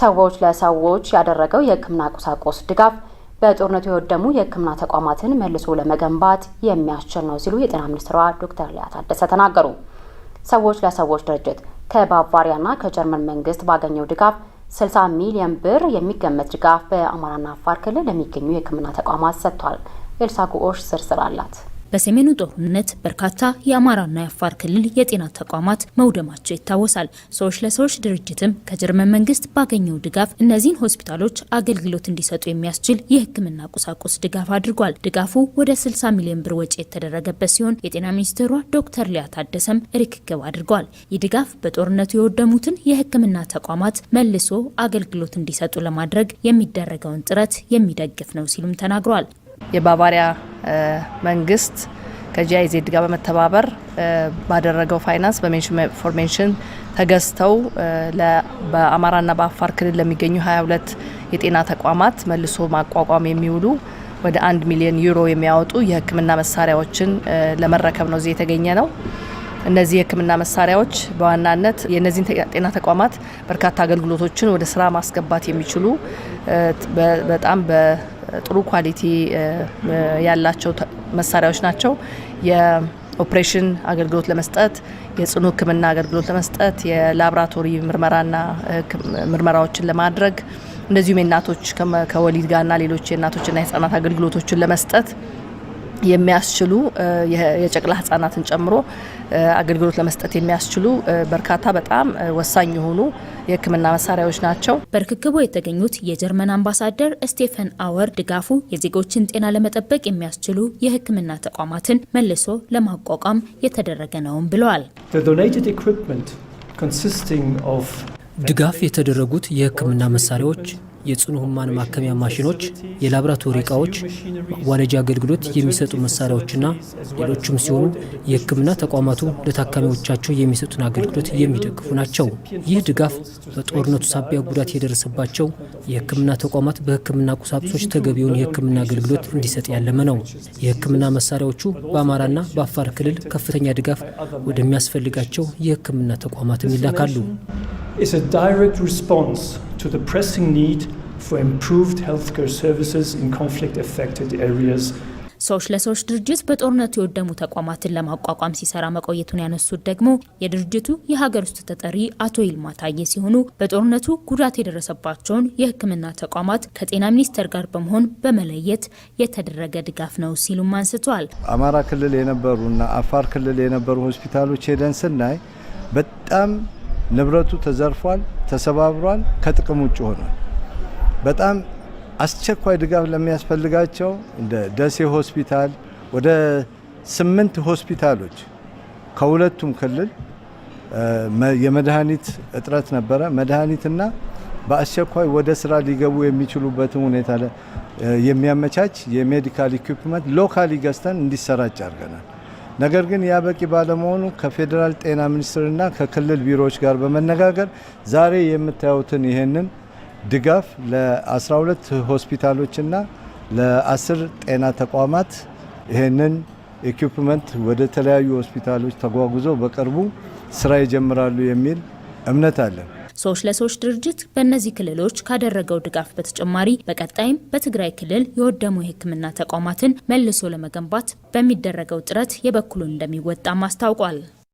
ሰዎች ለሰዎች ያደረገው የህክምና ቁሳቁስ ድጋፍ በጦርነቱ የወደሙ የህክምና ተቋማትን መልሶ ለመገንባት የሚያስችል ነው ሲሉ የጤና ሚኒስትሯ ዶክተር ሊያ ታደሰ ተናገሩ። ሰዎች ለሰዎች ድርጅት ከባቫሪያና ከጀርመን መንግስት ባገኘው ድጋፍ 60 ሚሊዮን ብር የሚገመት ድጋፍ በአማራና አፋር ክልል ለሚገኙ የህክምና ተቋማት ሰጥቷል። ኤልሳ ጉኦሽ ዝርዝር አላት። በሰሜኑ ጦርነት በርካታ የአማራና የአፋር ክልል የጤና ተቋማት መውደማቸው ይታወሳል። ሰዎች ለሰዎች ድርጅትም ከጀርመን መንግስት ባገኘው ድጋፍ እነዚህን ሆስፒታሎች አገልግሎት እንዲሰጡ የሚያስችል የሕክምና ቁሳቁስ ድጋፍ አድርጓል። ድጋፉ ወደ 60 ሚሊዮን ብር ወጪ የተደረገበት ሲሆን የጤና ሚኒስትሯ ዶክተር ሊያ ታደሰም ርክክብ አድርጓል። ይህ ድጋፍ በጦርነቱ የወደሙትን የሕክምና ተቋማት መልሶ አገልግሎት እንዲሰጡ ለማድረግ የሚደረገውን ጥረት የሚደግፍ ነው ሲሉም ተናግሯል። የባቫሪያ መንግስት ከጂአይዜድ ጋር በመተባበር ባደረገው ፋይናንስ በሜንሽን ፎር ሜንሽን ተገዝተው በአማራና በአፋር ክልል ለሚገኙ 22 የጤና ተቋማት መልሶ ማቋቋም የሚውሉ ወደ አንድ ሚሊዮን ዩሮ የሚያወጡ የሕክምና መሳሪያዎችን ለመረከብ ነው እዚህ የተገኘ ነው። እነዚህ የሕክምና መሳሪያዎች በዋናነት የእነዚህን ጤና ተቋማት በርካታ አገልግሎቶችን ወደ ስራ ማስገባት የሚችሉ በጣም ጥሩ ኳሊቲ ያላቸው መሳሪያዎች ናቸው። የኦፕሬሽን አገልግሎት ለመስጠት፣ የጽኑ ሕክምና አገልግሎት ለመስጠት፣ የላብራቶሪ ምርመራና ምርመራዎችን ለማድረግ እንደዚሁም የእናቶች ከወሊድ ጋርና ሌሎች የእናቶችና የህጻናት አገልግሎቶችን ለመስጠት የሚያስችሉ የጨቅላ ህጻናትን ጨምሮ አገልግሎት ለመስጠት የሚያስችሉ በርካታ በጣም ወሳኝ የሆኑ የህክምና መሳሪያዎች ናቸው። በርክክቡ የተገኙት የጀርመን አምባሳደር ስቴፈን አወር ድጋፉ የዜጎችን ጤና ለመጠበቅ የሚያስችሉ የህክምና ተቋማትን መልሶ ለማቋቋም የተደረገ ነውም ብለዋል። ድጋፍ የተደረጉት የህክምና መሳሪያዎች የጽኑ ህሙማን ማከሚያ ማሽኖች፣ የላብራቶሪ እቃዎች፣ ማዋለጃ አገልግሎት የሚሰጡ መሳሪያዎችና ሌሎችም ሲሆኑ የህክምና ተቋማቱ ለታካሚዎቻቸው የሚሰጡን አገልግሎት የሚደግፉ ናቸው። ይህ ድጋፍ በጦርነቱ ሳቢያ ጉዳት የደረሰባቸው የህክምና ተቋማት በህክምና ቁሳቁሶች ተገቢውን የህክምና አገልግሎት እንዲሰጥ ያለመ ነው። የህክምና መሳሪያዎቹ በአማራና በአፋር ክልል ከፍተኛ ድጋፍ ወደሚያስፈልጋቸው የህክምና ተቋማትም ይላካሉ። is a direct response to the pressing need for improved healthcare services in conflict affected areas. ሰዎች ለሰዎች ድርጅት በጦርነት የወደሙ ተቋማትን ለማቋቋም ሲሰራ መቆየቱን ያነሱት ደግሞ የድርጅቱ የሀገር ውስጥ ተጠሪ አቶ ይልማ ታየ ሲሆኑ በጦርነቱ ጉዳት የደረሰባቸውን የሕክምና ተቋማት ከጤና ሚኒስቴር ጋር በመሆን በመለየት የተደረገ ድጋፍ ነው ሲሉም አንስተዋል። አማራ ክልል የነበሩና አፋር ክልል የነበሩ ሆስፒታሎች ሄደን ስናይ በጣም ንብረቱ ተዘርፏል፣ ተሰባብሯል፣ ከጥቅም ውጭ ሆኗል። በጣም አስቸኳይ ድጋፍ ለሚያስፈልጋቸው እንደ ደሴ ሆስፒታል ወደ ስምንት ሆስፒታሎች ከሁለቱም ክልል የመድኃኒት እጥረት ነበረ። መድኃኒትና በአስቸኳይ ወደ ስራ ሊገቡ የሚችሉበትን ሁኔታ የሚያመቻች የሜዲካል ኢኩፕመንት ሎካሊ ገዝተን እንዲሰራጭ አድርገናል። ነገር ግን ያ በቂ ባለመሆኑ ከፌዴራል ጤና ሚኒስቴርና ከክልል ቢሮዎች ጋር በመነጋገር ዛሬ የምታዩትን ይህንን ድጋፍ ለ12 ሆስፒታሎችና ለ10 ጤና ተቋማት ይህንን ኢኩፕመንት ወደ ተለያዩ ሆስፒታሎች ተጓጉዘው በቅርቡ ስራ ይጀምራሉ የሚል እምነት አለን። ሰዎች ለሰዎች ድርጅት በእነዚህ ክልሎች ካደረገው ድጋፍ በተጨማሪ በቀጣይም በትግራይ ክልል የወደሙ የሕክምና ተቋማትን መልሶ ለመገንባት በሚደረገው ጥረት የበኩሉን እንደሚወጣም አስታውቋል።